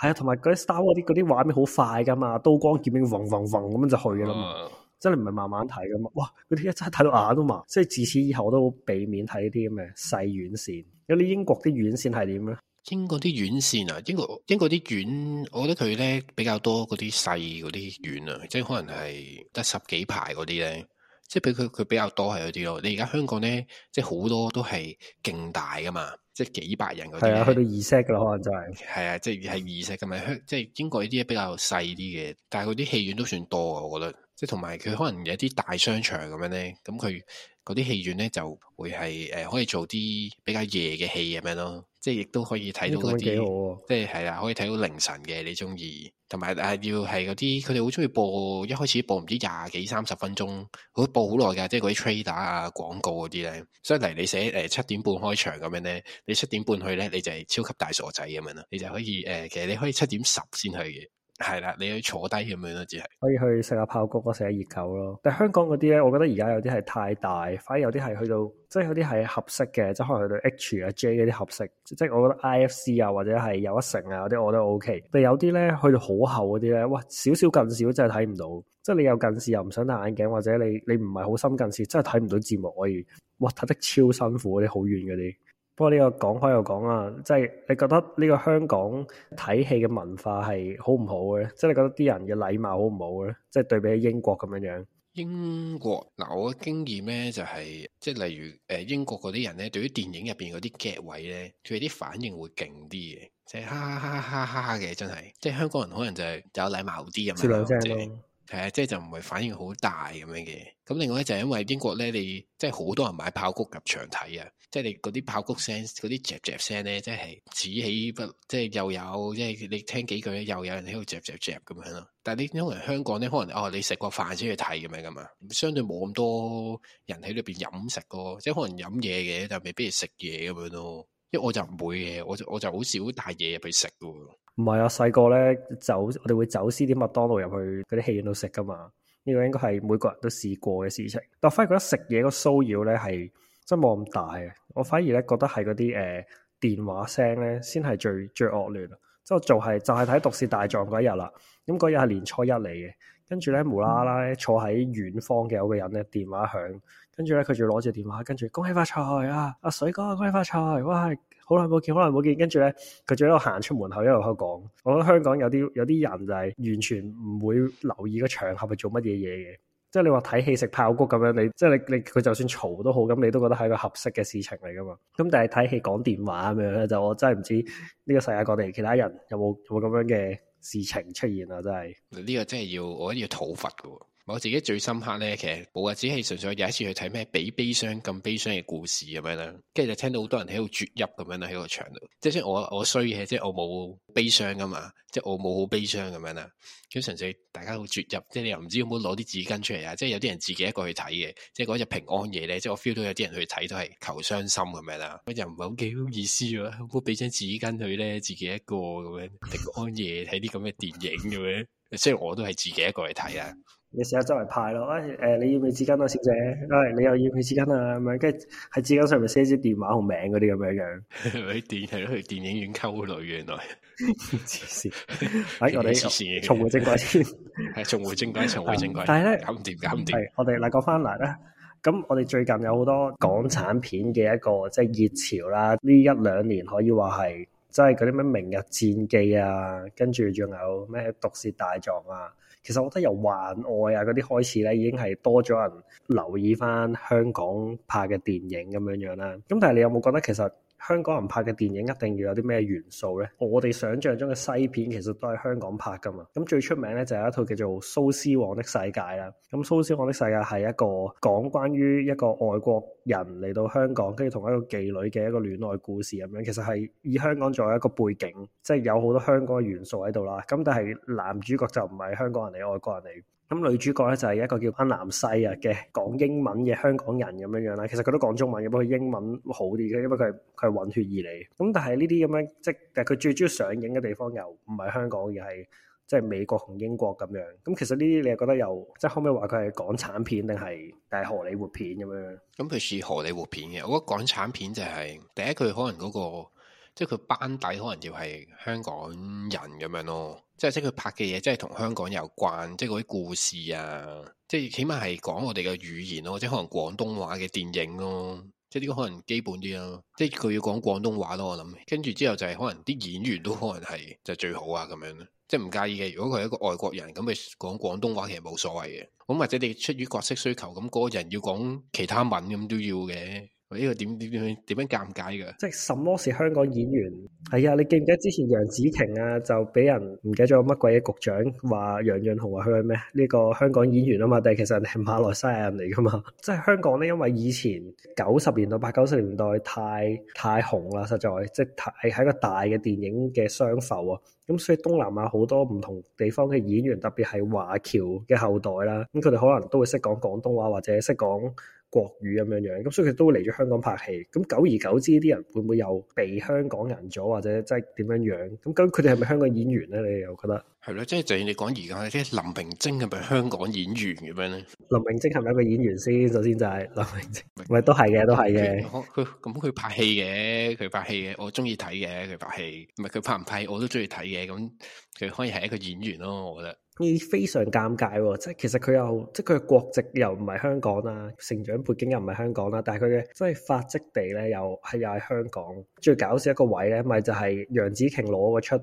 係啊，同埋嗰啲 Star 嗰啲嗰啲畫面好快噶嘛，刀光劍影嗡嗡嗡咁樣就去啦嘛，真係唔係慢慢睇噶嘛。哇，嗰啲一真係睇到眼都麻。即係自此以後我都好避免睇呢啲咁嘅細軟線。有啲英國啲軟線係點咧？英國啲院線啊，英國英國啲院，我覺得佢咧比較多嗰啲細嗰啲院啊，即係可能係得十幾排嗰啲咧，即係比佢佢比較多係嗰啲咯。你而家香港咧，即係好多都係勁大噶嘛，即係幾百人嗰啲，啊。去到二 set 㗎喇，可能就係、是，係啊，即係係二 set 咪香，即係英國呢啲比較細啲嘅，但係嗰啲戲院都算多啊，我覺得。即係同埋佢可能有啲大商場咁樣咧，咁佢嗰啲戲院咧就會係誒、呃、可以做啲比較夜嘅戲咁樣咯。即係亦都可以睇到嗰啲，即係係啊，可以睇到凌晨嘅。你中意，同埋啊，要係嗰啲，佢哋好中意播，一開始播唔知廿幾三十分鐘，佢播好耐噶。即係嗰啲 trailer、er、打啊，廣告嗰啲咧，所以嚟你寫誒七點半開場咁樣咧，你七點半去咧，你就係超級大傻仔咁樣啦。你就可以誒，其實你可以七點十先去嘅。係啦，你去坐低咁樣咯，只係可以去食下爆谷，食下熱狗咯。但係香港嗰啲咧，我覺得而家有啲係太大，反而有啲係去到，即係有啲係合適嘅，即係可能去到 H 啊 J 嗰啲合適。即係我覺得 IFC 啊，或者係有一成啊嗰啲，我都 OK。但係有啲咧去到好厚嗰啲咧，哇，少少近視真係睇唔到。即係你有近視又唔想戴眼鏡，或者你你唔係好深近視，真係睇唔到字幕可以，哇，睇得超辛苦嗰啲，好遠嗰啲。不過呢個講開又講啊，即係你覺得呢個香港睇戲嘅文化係好唔好嘅咧？即係你覺得啲人嘅禮貌好唔好咧？即係對比起英國咁樣樣、啊就是呃。英國嗱，我嘅經驗咧就係，即係例如誒英國嗰啲人咧，對於電影入邊嗰啲劇位咧，佢哋啲反應會勁啲嘅，即係哈哈哈哈哈哈嘅，真係。即係香港人可能就係有禮貌啲咁樣，即係啊、就是嗯，即係就唔會反應好大咁樣嘅。咁另外咧就係因為英國咧，你即係好多人買爆谷入場睇啊。即係你嗰啲爆谷聲，嗰啲 jump jump 聲咧，即係此起不，即係又有，即係你聽幾句咧，又有人喺度 jump jump jump 咁樣咯。但係你因為香港咧，可能哦，你食過飯先去睇咁樣噶嘛，相對冇咁多人喺裏邊飲食噶，即係可能飲嘢嘅，但係未必食嘢咁樣咯。因為我就唔會嘅，我就我就好少帶嘢入去食噶。唔係啊，細個咧走，我哋會走私啲麥當勞入去嗰啲戲院度食噶嘛。呢、這個應該係每個人都試過嘅事情。但反而覺得食嘢個騷擾咧係。真冇咁大啊！我反而咧覺得係嗰啲誒電話聲咧，先係最最惡劣。即係我做就係睇《毒舌大狀》嗰、嗯、一日啦。咁嗰日係年初一嚟嘅，跟住咧無啦啦坐喺遠方嘅有個人咧電話響，跟住咧佢仲攞住電話，跟住恭喜發財啊！阿水哥，恭喜發財！哇，好耐冇見，好耐冇見。跟住咧佢仲喺度行出門口一路喺度講。我覺得香港有啲有啲人就係完全唔會留意個場合係做乜嘢嘢嘅。即係你話睇戲食爆谷咁樣，你即係你你佢就算嘈都好，咁你都覺得係一個合適嘅事情嚟噶嘛？咁但係睇戲講電話咁樣咧，就我真係唔知呢個世界各地其他人有冇冇咁樣嘅事情出現啊？真係呢個真係要我諗要討伐噶喎。我自己最深刻咧，其實冇啊，只係純粹有一次去睇咩比悲傷更悲傷嘅故事咁樣啦。跟住就聽到好多人喺度啜泣咁樣啦，喺個場度即係，我我衰嘅，即係我冇悲傷噶嘛，即係我冇好悲傷咁樣啦。咁純粹大家好啜泣，即係你又唔知有冇攞啲紙巾出嚟啊？即係有啲人自己一個去睇嘅，即係嗰隻平安夜咧，即係我 feel 到有啲人去睇都係求傷心咁樣啦。咁就唔係好幾好意思啊，可唔可俾張紙巾佢咧？自己一個咁樣平安夜睇啲咁嘅電影咁樣，雖然我都係自己一個去睇啊。你試下周圍派咯，誒、哎，呃，你要唔要紙巾啊，小姐？誒、哎，你又要唔要紙巾啊？咁樣，跟住喺紙巾上面寫啲電話同名嗰啲咁樣樣。喺電係去電影院溝女，原來黐線。係 病、 哎、我哋重回正軌先。係重回正軌，重回正軌。 但係咧呢，搞唔掂，搞唔掂。係我哋嗱，講翻嚟啦。咁我哋最近有好多港產片嘅一個即係熱潮啦。呢一兩年可以話係，即係嗰啲咩《明日戰記》啊，跟住仲有咩《毒舌大狀》啊。其實我覺得由幻愛啊嗰啲開始咧，已經係多咗人留意返香港拍嘅電影咁樣樣啦。咁但係你有冇覺得其實，香港人拍嘅電影一定要有啲咩元素咧？我哋想象中嘅西片其實都係香港拍噶嘛。咁最出名咧就係一套叫做《蘇絲黃的世界》啦。咁《蘇絲黃的世界》係一個講關於一個外國人嚟到香港，跟住同一個妓女嘅一個戀愛故事咁樣。其實係以香港作為一個背景，即係有好多香港嘅元素喺度啦。咁但係男主角就唔係香港人嚟，外國人嚟。咁女主角咧就係一個叫安南西啊嘅講英文嘅香港人咁樣樣啦，其實佢都講中文嘅，不過佢英文好啲嘅，因為佢係佢係混血兒嚟。咁但係呢啲咁樣，即係但係佢最主要上映嘅地方又唔係香港，而係即係美國同英國咁樣。咁其實呢啲你又覺得又即係後尾話佢係港產片定係定係荷里活片咁樣？咁佢似，似荷里活片嘅，我覺得港產片就係、是、第一，佢可能嗰、那個。即係佢班底可能要係香港人咁樣咯，即係即係佢拍嘅嘢，真係同香港有關，即係嗰啲故事啊，即係起碼係講我哋嘅語言咯，即係可能廣東話嘅電影咯，即係呢個可能基本啲咯，即係佢要講廣東話咯，我諗。跟住之後就係可能啲演員都可能係就最好啊咁樣咯，即係唔介意嘅。如果佢係一個外國人，咁佢講廣東話其實冇所謂嘅。咁或者你出於角色需求，咁嗰個人要講其他文咁都要嘅。呢個點點點點樣尷尬噶？即係什麼是香港演員？係、哎、啊，你記唔記得之前楊紫瓊啊，就俾人唔記得咗乜鬼嘅局長話楊潤雄話佢係咩？呢、這個香港演員啊嘛，但係其實係馬來西亞人嚟噶嘛。 即係香港咧，因為以前九十年代、八九十年代太太紅啦，實在即係一個大嘅電影嘅雙浮啊。咁所以東南亞好多唔同地方嘅演員，特別係華僑嘅後代啦。咁佢哋可能都會識講廣東話，或者識講。國語咁樣樣，咁所以佢都嚟咗香港拍戲。咁久而久之，啲人會唔會又被香港人咗，或者即係點樣樣？咁咁佢哋係咪香港演員咧？你又覺得係咯？即係就係你講，而家啲林明禎係咪香港演員嘅咩咧？林明禎係咪一個演員先？首先就係林明禎，唔係都係嘅，都係嘅。佢咁佢拍戲嘅，佢拍戲嘅，我中意睇嘅，佢拍戲。唔係佢拍唔拍我都中意睇嘅。咁佢可以係一個演員咯，我覺得。呢啲非常尷尬，即係其實佢又即係佢嘅國籍又唔係香港啦，成長背景又唔係香港啦，但係佢嘅即係發跡地咧又係又係香港。最搞笑一個位咧咪就係、是、楊紫瓊攞嗰出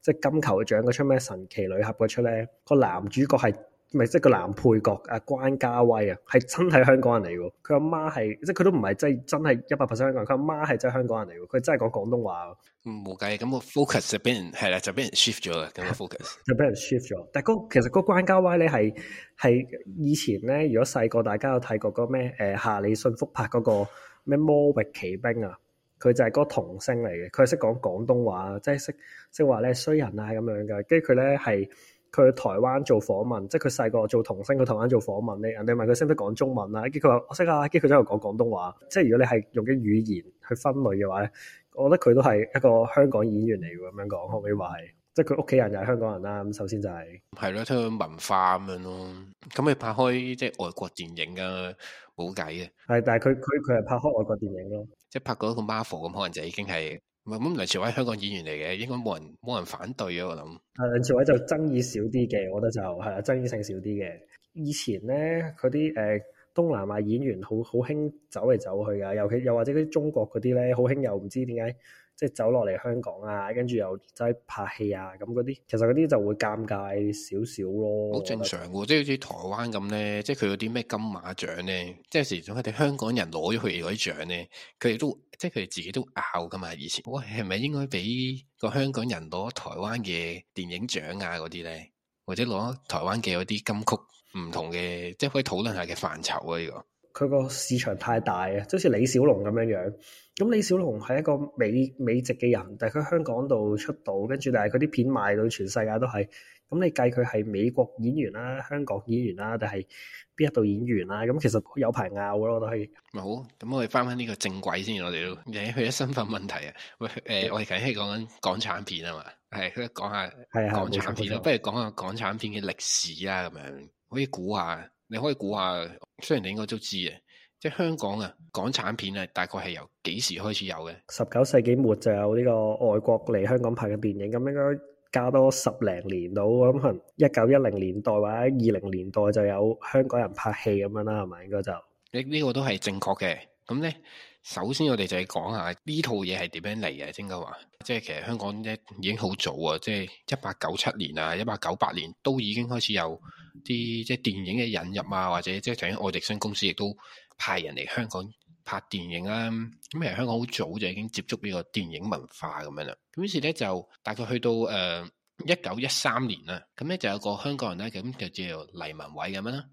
即係金球獎嗰出咩神奇女俠嗰出咧，個男主角係。咪即係個男配角誒關家威啊，係真係香港人嚟喎。佢阿媽係即係佢都唔係真真係一百 percent 香港人，佢阿媽係真係香港人嚟喎。佢真係講廣東話。嗯，冇計，咁個 focus 就俾人係啦， 就俾人 shift 咗啦，咁個 focus 就俾人 shift 咗。但係、那、嗰、個、其實嗰關家威咧係係以前咧，如果細個大家有睇過嗰咩誒夏里信福拍嗰個咩魔域奇兵啊，佢就係嗰童星嚟嘅，佢係識講廣東話，即係識識話咧衰人啊咁樣嘅，跟住佢咧係。佢去台灣做訪問，即係佢細個做童星去台灣做訪問咧，人哋問佢識唔識講中文啊，跟住佢話我識啊，跟住佢就喺度講廣東話。即係如果你係用啲語言去分類嘅話咧，我覺得佢都係一個香港演員嚟嘅咁樣講，可唔可以話係？即係佢屋企人又係香港人啦，咁首先就係、是。係咯，聽到文化咁樣咯。咁你拍開即係、就是、外國電影啊，冇計嘅。係，但係佢佢佢係拍開外國電影咯，即係拍過一個 Marvel 咁可能就已經係。唔係咁，梁朝偉香港演員嚟嘅，應該冇人冇人反對啊！我諗，誒，梁朝偉就爭議少啲嘅。我覺得就係啊，爭議性少啲嘅。以前咧，嗰啲誒東南亞演員好好興走嚟走去㗎，尤其又或者啲中國嗰啲咧，好興又唔知點解。.即係走落嚟香港啊，跟住又齋拍戲啊，咁嗰啲，其實嗰啲就會尷尬少少咯。好正常嘅，即係好似台灣咁咧，即係佢嗰啲咩金馬獎咧，即係時常我哋香港人攞咗佢嗰啲獎咧，佢哋都即係佢哋自己都拗㗎嘛。以前，喂，係咪應該俾個香港人攞台灣嘅電影獎啊嗰啲咧，或者攞台灣嘅嗰啲金曲唔同嘅，即係可以討論下嘅範疇啊呢個。佢個市場太大啊，即好似李小龍咁樣樣。咁李小龍係一個美美籍嘅人，但係佢喺香港度出道，跟住但係佢啲片賣到全世界都係。咁你計佢係美國演員啦，啊，香港演員啦，啊，定係邊一度演員啦，啊？咁其實有排拗咯，我都係。唔好，咁我哋翻翻呢個正軌先，我哋都你去咗身份問題啊。喂，誒、呃，嗯、我哋梗係講緊港產片啊嘛，係，講下港產片，不如講下港產片嘅歷史啊，咁樣可以估下。你可以估下，雖然你應該都知嘅，即係香港啊，港產片啊，大概係由幾時開始有嘅？十九世紀末就有呢個外國嚟香港拍嘅電影，咁應該加多十零年到，咁可能一九一零年代或者二零年代就有香港人拍戲咁樣啦，係咪？應該就，呢呢、呢個都係正確嘅。咁咧。首先我哋就講下呢套嘢係點樣嚟嘅。應該話，即係其實香港咧已經好早啊，即係一八九七年啊，一八九八年都已經開始有啲即係電影嘅引入啊，或者即係頭先愛迪生公司亦都派人嚟香港拍電影啊。咁其實香港好早就已經接觸呢個電影文化咁樣啦。咁於是咧就大概去到誒一九一三年啦，咁咧就有個香港人咧，咁就叫黎文偉咁樣啦。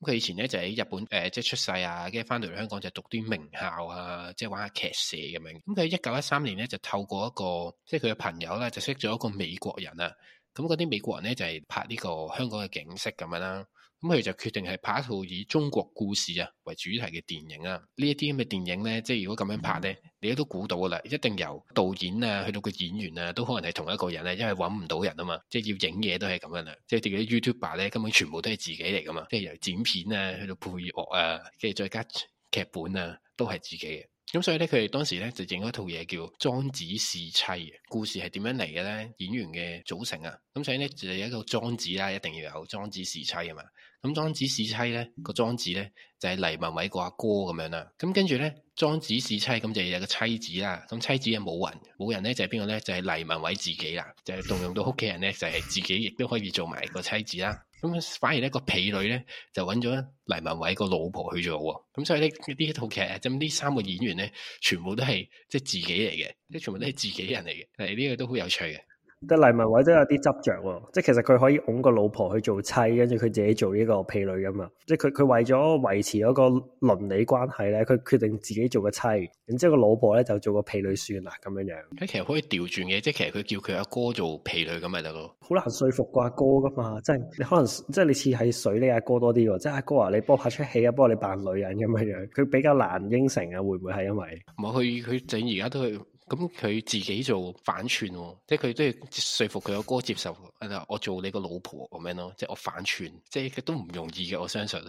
佢以前咧就喺日本誒、呃，即係出世啊，跟住返到嚟香港就讀啲名校啊，即係玩下劇社咁樣。咁佢一九一三年咧就透過一個，即係佢嘅朋友咧就識咗一個美國人啊。咁嗰啲美國人咧就係、是、拍呢個香港嘅景色咁樣啦。咁佢就決定係拍一套以中國故事啊為主題嘅電影啊。呢一啲咁嘅電影咧，即係如果咁樣拍咧，你都估到噶啦，一定由導演啊，去到個演員啊，都可能係同一個人咧、啊，因為揾唔到人啊嘛。即係要影嘢都係咁樣啦、啊。即係自己啲嘅 YouTuber 咧，根本全部都係自己嚟噶嘛。即係由剪片啊，去到配樂啊，跟住再加劇本啊，都係自己嘅。咁所以咧，佢哋當時咧就整一套嘢叫《莊子試妻》啊。故事係點樣嚟嘅咧？演員嘅組成啊。咁所以咧就有、是、一個莊子啦、啊，一定要有莊子試妻啊嘛。咁莊子試妻咧，個莊子咧就係、是、黎文偉個阿哥咁樣啦。咁跟住咧，莊子試妻咁就是、有個妻子啦。咁妻子啊冇人，冇人咧就係邊個咧？就係、是就是、黎文偉自己啦。就係、是、動用到屋企人咧，就係、是、自己亦都可以做埋個妻子啦。咁反而咧個婢女咧就揾咗黎文偉個老婆去做、啊。咁所以咧呢一套劇啊，咁呢三個演員咧全部都係即係自己嚟嘅，即係全部都係自己人嚟嘅。誒、這、呢個都好有趣嘅。得黎民偉都有啲執着喎、哦，即係其實佢可以擁個老婆去做妻，跟住佢自己做呢個婢女噶嘛。即係佢佢為咗維持嗰個倫理關係咧，佢決定自己做個妻，然之後個老婆咧就做個婢女算啦咁樣樣。誒，其實可以調轉嘅，即係其實佢叫佢阿哥做婢女咁咪得咯。好難說服個阿哥噶嘛，即係你可能即係你似係水你阿哥多啲喎，即係阿哥話你幫我拍出戲啊，幫你，你扮女人咁樣樣，佢比較難應承啊，會唔會係因為？唔係，佢佢整而家都。咁佢自己做反串、哦，即係佢都要說服佢個哥接受， 我做你個老婆咁樣咯，即係我反串，即係都唔容易嘅，我相信。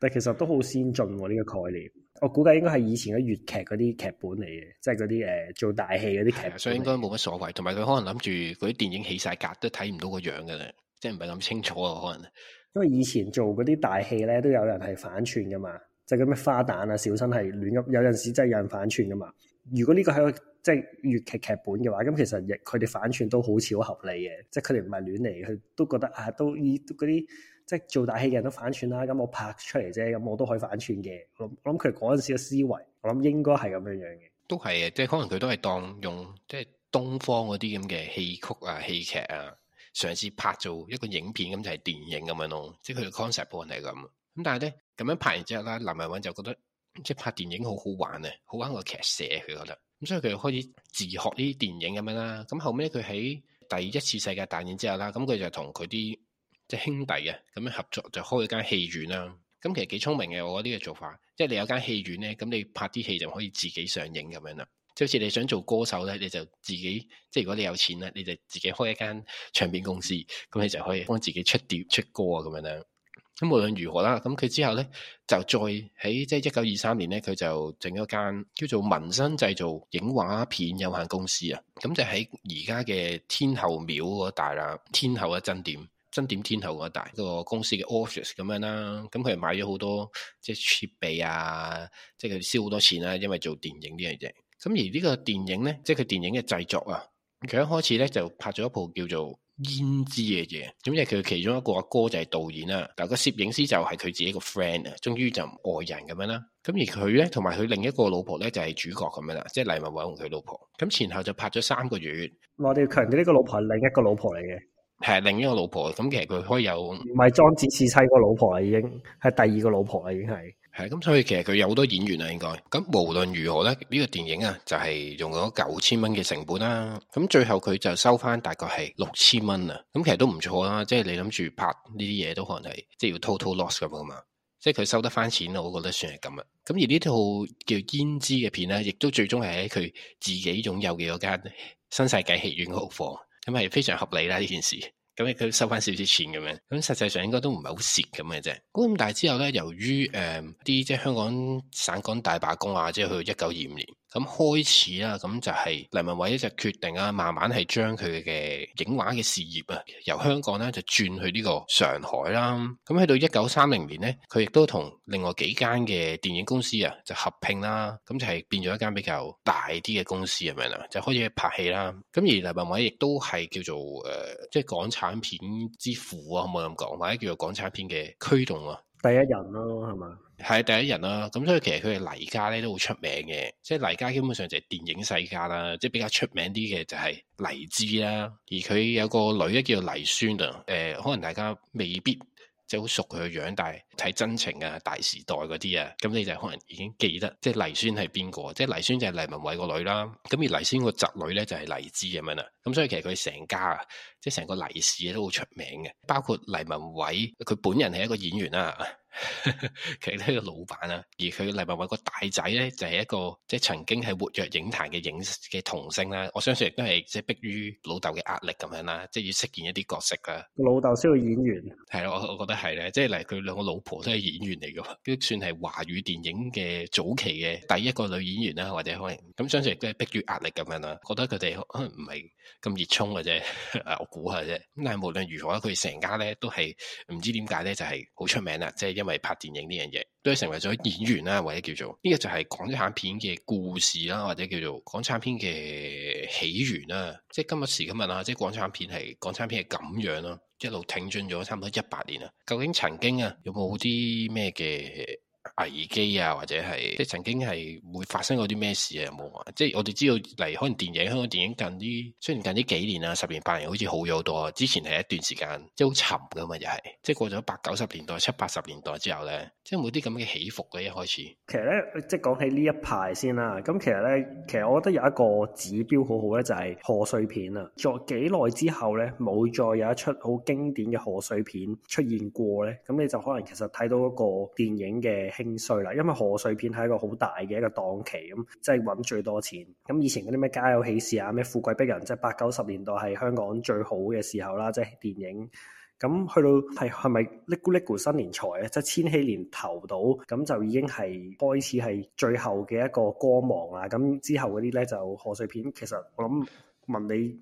但其實都好先進呢、啊這個概念，我估計應該係以前嘅粵劇嗰啲劇本嚟嘅，即係嗰啲誒做大戲嗰啲劇本，所以應該冇乜所謂。同埋佢可能諗住嗰啲電影起晒格都睇唔到個樣嘅咧，即係唔係咁清楚啊，可能。因為以前做嗰啲大戲咧，都有人係反串噶嘛，就咁咩花旦啊、小生係亂噏，有陣時真係有人反串噶嘛。如果呢個喺即係粵劇劇本嘅話，咁其實亦佢哋反串都好似好合理嘅，即係佢哋唔係亂嚟，佢都覺得啊，都以嗰啲即係做大戲嘅人都反串啦。咁、啊嗯、我拍出嚟啫，咁、嗯、我都可以反串嘅。我諗佢嗰陣時嘅思維，我諗應該係咁樣樣嘅，都係嘅。即係可能佢都係當用即係東方嗰啲咁嘅戲曲啊、戲劇啊，嘗試拍做一個影片咁就係電影咁樣咯。即係佢嘅 concept 係咁。咁但係咧，咁樣拍完之後啦，黎民偉就覺得即係拍電影好好玩啊，好玩過劇寫，佢覺得。咁所以佢就開始自學呢啲電影咁樣啦。咁後尾，佢喺第一次世界大戰之後啦，咁佢就同佢啲即係兄弟啊，咁樣合作就開咗間戲院啦。咁其實幾聰明嘅，我覺得呢個做法，即係你有間戲院咧，咁你拍啲戲就可以自己上映咁樣啦。即係好似你想做歌手咧，你就自己，即係如果你有錢啦，你就自己開一間唱片公司，咁你就可以幫自己出碟出歌啊咁樣。咁無論如何啦，咁佢之後咧就再喺即係一九二三年咧，佢就整一間叫做民生製造影畫片有限公司啊。咁就喺而家嘅天后廟嗰大啦，天后嘅真點真點天后嗰大，嗰、這個公司嘅 office 咁樣啦。咁佢係買咗好多即係設備啊，即係佢燒好多錢啦、啊，因為做電影呢樣嘢。咁而呢個電影咧，即係佢電影嘅製作啊，佢一開始咧就拍咗一部叫做胭脂嘅嘢，咁即係佢其中一個阿哥，哥就係導演啦，但係個攝影師就係佢自己個 friend，終於就愛人咁樣啦。咁而佢咧，同埋佢另一個老婆咧就係、是、主角咁樣啦，即係黎民偉同佢老婆。咁前後就拍咗三個月。我哋強調呢個老婆係另一個老婆嚟嘅，係另一個老婆。咁其實佢可以有唔係莊子試妻個老婆啦，已經係第二個老婆啦，已經係。係咁、嗯，所以其實佢有好多演員啊應該，應該咁無論如何咧，呢、這個電影啊就係、是、用咗九千蚊嘅成本啦、啊。咁、嗯、最後佢就收翻大概係六千蚊啊。咁、嗯、其實都唔錯啦，即係你諗住拍呢啲嘢，都可能係即係要 total loss 咁啊嘛。即係佢收得翻錢，我覺得算係咁、嗯、啊。咁而呢套叫胭脂嘅片咧，亦都最終係喺佢自己擁有嘅嗰間新世界戲院嘅屋房，咁、嗯、係非常合理啦呢件事。咁佢收翻少少錢咁樣，咁實際上應該都唔係好蝕咁嘅啫。咁但係之後咧，由於誒啲即係香港省港大罷工啊，即係去到一九二五年。咁開始啦，咁就係黎民偉咧就決定啊，慢慢係將佢嘅影畫嘅事業啊，由香港咧就轉去呢個上海啦。咁喺到一九三零年咧，佢亦都同另外幾間嘅電影公司啊，就合併啦。咁就係變咗一間比較大啲嘅公司咁樣啦，就開始拍戲啦。咁而黎民偉亦都係叫做誒、呃，即係港產片之父啊，可唔可以咁講，或者叫做港產片嘅驅動啊。第一人咯，係嘛？係第一人啦，咁所以其實佢哋黎家咧都好出名嘅，即係黎家基本上就係電影世家啦，即係比較出名啲嘅就係黎姿啦，而佢有個女咧叫黎萱、黎宣啊，誒、呃，可能大家未必。即好熟佢嘅樣，但係睇真情啊，《大時代》嗰啲啊，咁你就可能已經記得，即係黎宣係邊個，即係黎宣就係黎民偉個女啦。咁而黎宣個侄女咧就係、是、黎姿咁樣啦。咁所以其實佢成家啊，即係成個黎氏都好出名嘅，包括黎民偉佢本人係一個演員啦、啊。 其實呢個老闆啊，而佢黎文偉個大仔咧，就係、是、一個即係曾經係活躍影壇嘅影嘅童星啦。我相信亦都係即係迫於老豆嘅壓力咁樣啦，即係要飾演一啲角色啊。老豆需要演員，係咯， 我我覺得係咧，即係嚟佢兩個老婆都係演員嚟嘅，都算係華語電影嘅早期嘅第一個女演員啦、啊，或者可能咁，相信亦都係迫於壓力咁樣啦。覺得佢哋可能唔係咁熱衷嘅啫，我估下啫。咁但係無論如何，佢哋成家咧都係唔知點解咧，就係、是、好出名啦，即係因為拍電影呢樣嘢，都係成為咗演員啦，或者叫做呢個就係港產片嘅故事啦，或者叫做港產片嘅起源啦。即係今日時今日啊，即係港產片係港產片係咁樣咯，一路挺進咗差唔多一百年啊。究竟曾經啊，有冇啲咩嘅？危機啊，或者係即係曾經係會發生過啲咩事啊？有冇啊？即係我哋知道例如可能電影香港電影近啲，雖然近呢幾年啊、十年八年，好似好咗好多。之前係一段時間即係好沉噶嘛，又係即係過咗八九十年代、七八十年代之後咧，即係冇啲咁嘅起伏嘅一開始。其實咧，即係講起呢一排先啦。咁其實咧，其實我覺得有一個指標好好咧，就係賀歲片啊。做幾耐之後咧，冇再有一出好經典嘅賀歲片出現過咧，咁你就可能其實睇到一個電影嘅。興衰啦，因為賀歲片係一個好大嘅一個檔期，咁即係搵最多錢。咁以前嗰啲咩家有喜事啊，咩富貴逼人，即係八九十年代係香港最好嘅時候啦、啊，即係電影。咁去到係係咪叻咕叻咕新年財啊？即係千禧年頭到咁就已經係開始係最後嘅一個光芒啦。咁之後嗰啲咧就賀歲片，其實我諗問你，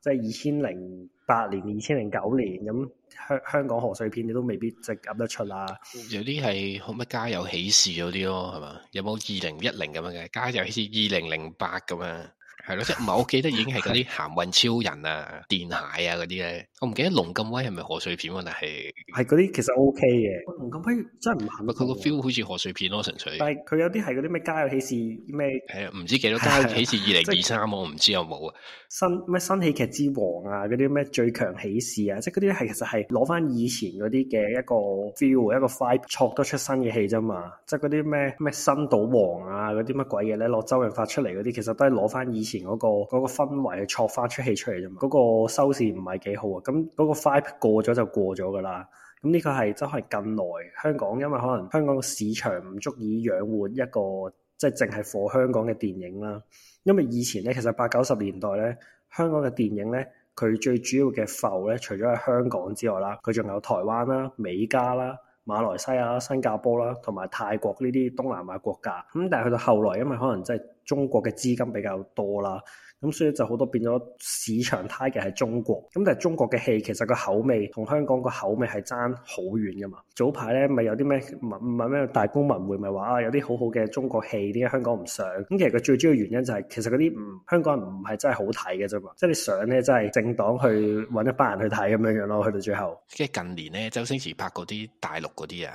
即係二千零。八年二千零九年咁，香香港賀歲片，你都未必即係諗得出啊！有啲係乜家有喜事嗰啲咯，係嘛？有冇二零一零咁樣嘅家有喜事二零零八咁樣？係咯，即係唔係？我記得已經係嗰啲鹹運超人啊、電蟹啊嗰啲咧。我唔記得龍咁威係咪賀歲片啊？但係係嗰啲其實 O K 嘅，龍咁威真係唔行。佢個 feel 好似賀歲片咯，啊，純粹。但係佢有啲係嗰啲咩家有喜事咩係啊？唔知幾多家有喜事的二零二三、 就係、我唔知有冇啊？新咩新喜劇之王啊？嗰啲咩最強喜事啊？即係嗰啲咧係其實係攞翻以前嗰啲嘅一個 feel 一個 five 錯得出新嘅戲啫嘛。即係嗰啲咩咩新賭王啊？嗰啲乜鬼嘢咧？攞周潤發出嚟嗰啲其實都係攞翻以前。前嗰個嗰個氛圍，撮翻出戲出嚟啫嘛。嗰個收視唔係幾好啊。咁、那、嗰個 five 過咗就過咗㗎啦。咁呢個係真係近來香港，因為可能香港市場唔足以養活一個即係淨係火香港嘅電影啦。因為以前咧，其實八九十年代咧，香港嘅電影咧，佢最主要嘅埠咧，除咗喺香港之外啦，佢仲有台灣啦、美加啦。馬來西亞、新加坡啦，同埋泰國呢啲東南亞國家，咁但係去到後來，因為可能即係中國嘅資金比較多啦。咁所以就好多變咗市場胎嘅係中國，咁但係中國嘅戲其實個口味同香港個口味係爭好遠噶嘛。早排咧咪有啲咩唔係咩大公文匯咪話啊，有啲好好嘅中國戲點解香港唔上？咁其實佢最主要原因就係、是、其實嗰啲唔香港人唔係真係好睇嘅啫嘛。即、就、係、是、你想咧，真係政黨去揾一班人去睇咁樣樣咯，去到最後。即係近年咧，周星馳拍嗰啲大陸嗰啲啊。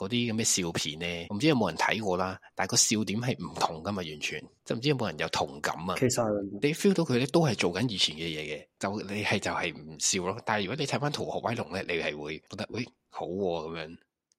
嗰啲咁嘅笑片咧，唔知有冇人睇過啦。但係個笑點係唔同噶嘛，完全即係唔知有冇人有同感啊。其實 你 feel 到佢咧都係做緊以前嘅嘢嘅，就你係就係唔笑咯。但係如果你睇翻《逃學威龍》咧，你係會覺得喂好咁、啊、樣。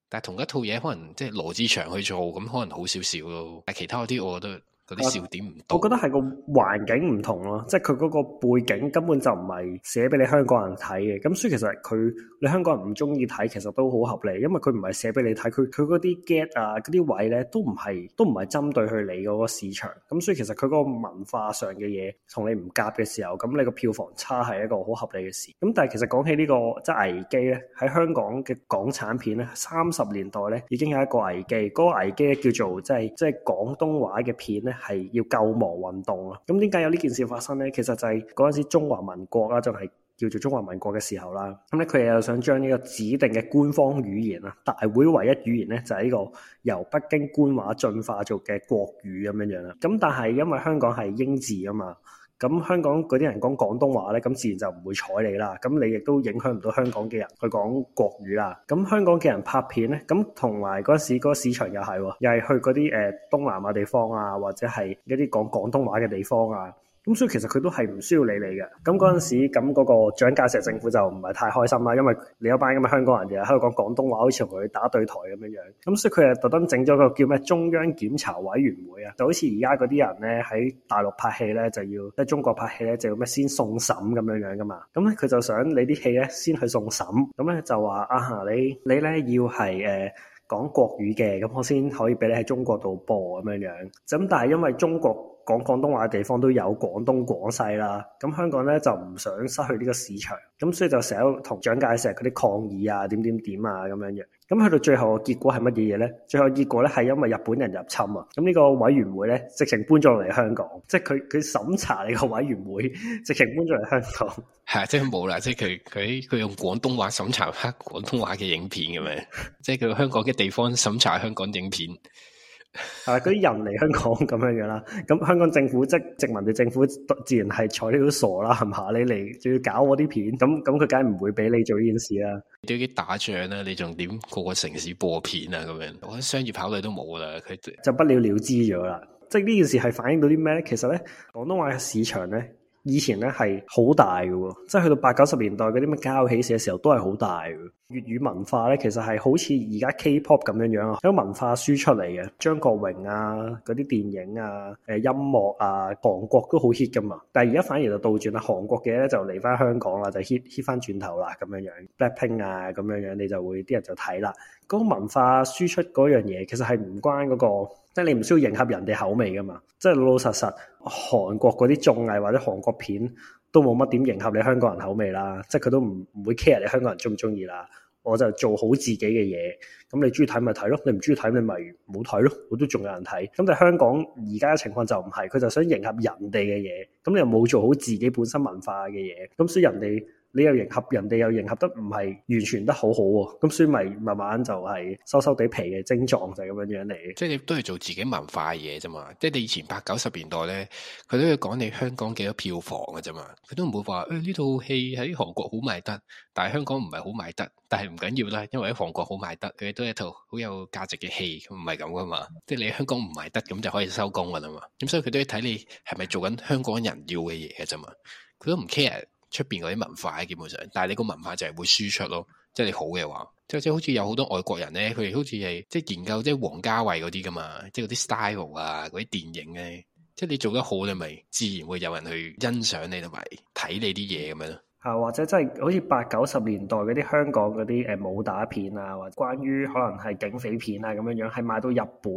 但係同一套嘢可能即係羅志祥去做咁，可能好少少咯。但係其他嗰啲，我覺得。啲笑點唔同，我覺得係個環境唔同咯、啊，即係佢嗰個背景根本就唔係寫俾你香港人睇嘅，咁所以其實佢你香港人唔中意睇，其實都好合理，因為佢唔係寫俾你睇，佢佢嗰啲 get 啊嗰啲位咧都唔係都唔係針對去你嗰個市場，咁所以其實佢嗰個文化上嘅嘢同你唔夾嘅時候，咁你個票房差係一個好合理嘅事。咁但係其實講起、這個、呢個即係危機咧，喺香港嘅港產片咧，三十年代咧已經有一個危機，嗰、那個危機叫做即係即係廣東話嘅片咧。係要救亡運動啊！咁點解有呢件事發生呢？其實就係嗰陣時中華民國啦，就係叫做中華民國嘅時候啦。咁咧，佢又想將呢個指定嘅官方語言啊，大會唯一語言咧，就係呢個由北京官話進化做嘅國語咁樣樣啦。咁但係因為香港係英字啊嘛。咁香港嗰啲人講廣東話咧，咁自然就唔會睬你啦。咁你亦都影響唔到香港嘅人去講國語啦。咁香港嘅人拍片咧，咁同埋嗰時嗰個市場又係喎，又係去嗰啲誒東南亞地方啊，或者係一啲講廣東話嘅地方啊。咁所以其實佢都係唔需要理你嘅。咁嗰陣時，咁嗰個蔣介石政府就唔係太開心啦，因為你一班咁嘅香港人嘅喺度講廣東話，好似同佢打對台咁樣樣。咁所以佢就特登整咗個叫咩中央檢查委員會啊，就好似而家嗰啲人咧喺大陸拍戲咧就要喺中國拍戲咧就要咩先送審咁樣樣噶嘛。咁咧佢就想你啲戲咧先去送審，咁咧就話啊你你咧要係誒、呃、講國語嘅，咁我先可以俾你喺中國度播咁樣樣。咁但係因為中國。講廣東話嘅地方都有廣東、廣西啦，咁、嗯、香港咧就唔想失去呢個市場，咁、嗯、所以就成日同蔣介石嗰啲抗議啊，點點點啊咁樣嘅。咁、嗯、去到最後嘅結果係乜嘢嘢咧？最後結果咧係因為日本人入侵啊，咁、嗯、呢、這個委員會咧直情搬咗嚟香港，即係佢佢審查你個委員會直情搬咗嚟香港。係， 即係冇啦，即係佢佢佢用廣東話審查黑廣東話嘅影片嘅咩？即係佢香港嘅地方審查香港影片。 係嗰啲人嚟香港咁樣樣啦，咁、 嗯、香港政府即殖民地政府，自然係睬你都傻啦，係嘛？你嚟仲要搞我啲片，咁咁佢梗係唔會俾你做呢件事啦。都要打仗啦、啊，你仲點個個城市播片啊？咁樣，我啲商業考慮都冇啦，佢就不了了之咗啦。即係呢件事係反映到啲咩咧？其實咧，廣東話嘅市場咧，以前咧係好大嘅，即係去到八九十年代嗰啲乜交教起事嘅時候都係好大嘅。粵語文化咧其實係好似而家 K-pop 咁樣樣啊，有、嗰個、文化輸出嚟嘅。張國榮啊，嗰啲電影啊，誒音樂啊，韓國、啊、韓國都好 hit 噶嘛。但係而家反而就倒轉啦，韓國嘅就嚟翻香港啦，就 hit hit 翻轉頭啦咁樣樣。Blackpink 啊咁樣樣，你就會啲人就睇啦。嗰、嗰個文化輸出嗰樣嘢其實係唔關嗰、嗰個。即係你唔需要迎合人哋口味㗎嘛，即係老老實實韓國嗰啲綜藝或者韓國片都冇乜點迎合你香港人口味啦，即係佢都唔唔會 care 你香港人中唔中意啦，我就做好自己嘅嘢，咁你中意睇咪睇咯，你唔中意睇你咪冇睇咯，我都仲有人睇。咁但係香港而家嘅情況就唔係，佢就想迎合人哋嘅嘢，咁你又冇做好自己本身文化嘅嘢，咁所以人哋。你又迎合人哋，又迎合得唔係完全得好好、啊、喎，咁所以咪慢慢就係收收地皮嘅症狀就係咁樣樣嚟。即係你都係做自己文化嘢啫嘛。即係你以前八九十年代咧，佢都要講你香港幾多票房噶啫嘛。佢都唔會話誒，呢套戲喺韓國好賣得，但係香港唔係好賣得。但係唔緊要啦，因為喺韓國好賣得，佢都係一套好有價值嘅戲，唔係咁噶嘛。即係你喺香港唔賣得，咁就可以收工噶啦嘛。咁所以佢都要睇你係咪做緊香港人要嘅嘢噶啫嘛。佢都唔 care。出邊嗰啲文化基本上，但係你個文化就係會輸出咯，即係你好嘅話，即係好似有好多外國人咧，佢哋好似係即係研究即係王家衛嗰啲噶嘛，即係嗰啲 style 啊，嗰啲電影咧，即係你做得好，你咪自然會有人去欣賞你同埋睇你啲嘢咁樣咯。啊，或者真係好似八九十年代嗰啲香港嗰啲誒武打片啊，或者關於可能係警匪片啊咁樣樣，係賣到日本、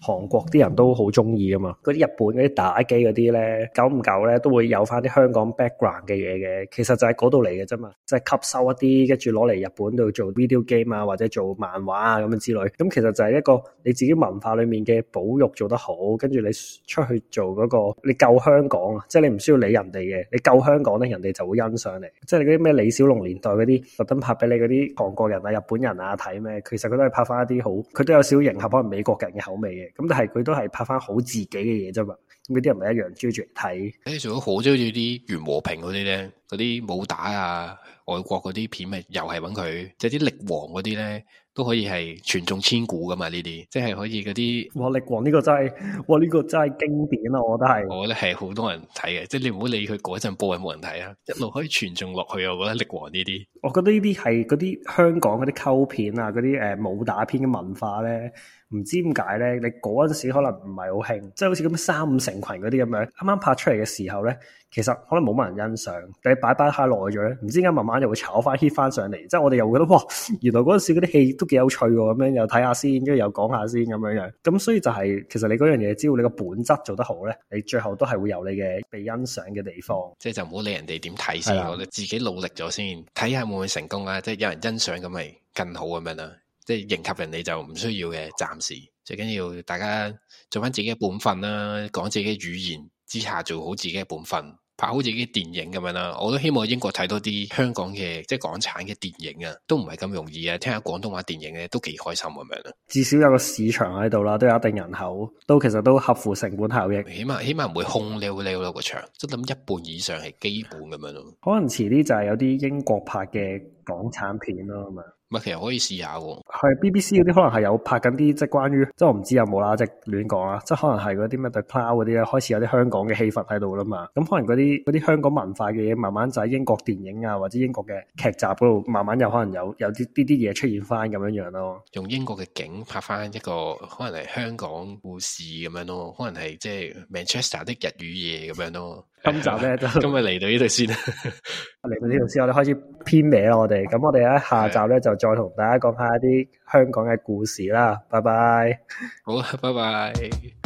韓國啲人都好中意噶嘛。嗰啲日本嗰啲打機嗰啲咧，久唔久咧都會有翻啲香港 background 嘅嘢嘅。其實就係嗰度嚟嘅啫嘛，即係吸收一啲，跟住攞嚟日本度做 video game 啊，或者做漫畫啊咁樣之類。咁其實就係一個你自己文化裡面嘅保育做得好，跟住你出去做嗰個你夠香港啊，即係你唔需要理人哋嘅，你夠香港咧，人哋就會欣賞你。即係嗰啲咩李小龍年代嗰啲特登拍俾你嗰啲韓國人啊、日本人啊睇咩？其實佢都係拍翻一啲好，佢都有少迎合可能美國人嘅口味嘅。咁但係佢都係拍翻好自己嘅嘢啫嘛。咁嗰啲人咪一樣追住嚟睇。誒，除咗好追住啲袁和平嗰啲咧，嗰啲武打啊，外國嗰啲片咪又係搵佢，即係啲力王嗰啲咧。都可以係傳頌千古噶嘛呢啲，即係可以嗰啲。哇！力王呢個真係，哇呢個真係經典啊！我覺得係，我覺得係好多人睇嘅，即係你唔好理佢嗰陣播係冇人睇啊，一路可以傳頌落去啊！我覺得力王呢啲，我覺得呢啲係嗰啲香港嗰啲溝片啊，嗰啲誒武打片嘅文化咧。唔知點解咧？你嗰陣時可能唔係好興，即係好似咁三五成群嗰啲咁樣。啱啱拍出嚟嘅時候咧，其實可能冇乜人欣賞。你擺一擺太耐咗咧，唔知點解慢慢就會回回又會炒翻 hit 翻上嚟。即係我哋又覺得哇，原來嗰陣時嗰啲戲都幾有趣喎。咁樣又睇下先，跟住又講下先咁樣樣。咁所以就係，是，其實你嗰樣嘢，只要你個本質做得好咧，你最後都係會有你嘅被欣賞嘅地方。即係就唔好理人哋點睇先，的我哋自己努力咗先，睇下會唔會成功啊？即係有人欣賞咁咪更好咁樣啦。即係迎合人哋就唔需要嘅，暫時最緊要大家做翻自己嘅本分啦，講自己嘅語言之下做好自己嘅本分，拍好自己嘅電影咁樣啦。我都希望英國睇多啲香港嘅即係港產嘅電影啊，都唔係咁容易啊。聽下廣東話電影咧都幾開心咁樣。至少有個市場喺度啦，都有一定人口，都其實都合乎成本效益。起碼起碼唔會空溜溜咯個場，即係諗一半以上係基本咁樣咯。可能遲啲就係有啲英國拍嘅港產片咯，咁樣。咪其實可以試下喎、哦，係 B B C 嗰啲，可能係有拍緊啲即係關於，即係我唔知有冇啦，即係亂講啦，即係可能係嗰啲咩《The Power》嗰啲咧，開始有啲香港嘅戲份喺度啦嘛，咁可能嗰啲啲香港文化嘅嘢，慢慢就喺英國電影啊或者英國嘅劇集嗰度，慢慢又可能有有啲啲啲嘢出現翻咁樣樣、哦、咯。用英國嘅景拍翻一個可能係香港故事咁樣咯，可能係即係 Manchester 的日與夜咁樣咯。 今集咧就 今日嚟到呢度先，嚟 到呢度先，我哋開始編歪啦。我哋咁，我哋呢下集咧就再同大家講下一啲香港嘅故事啦。拜拜， 好啦，拜拜。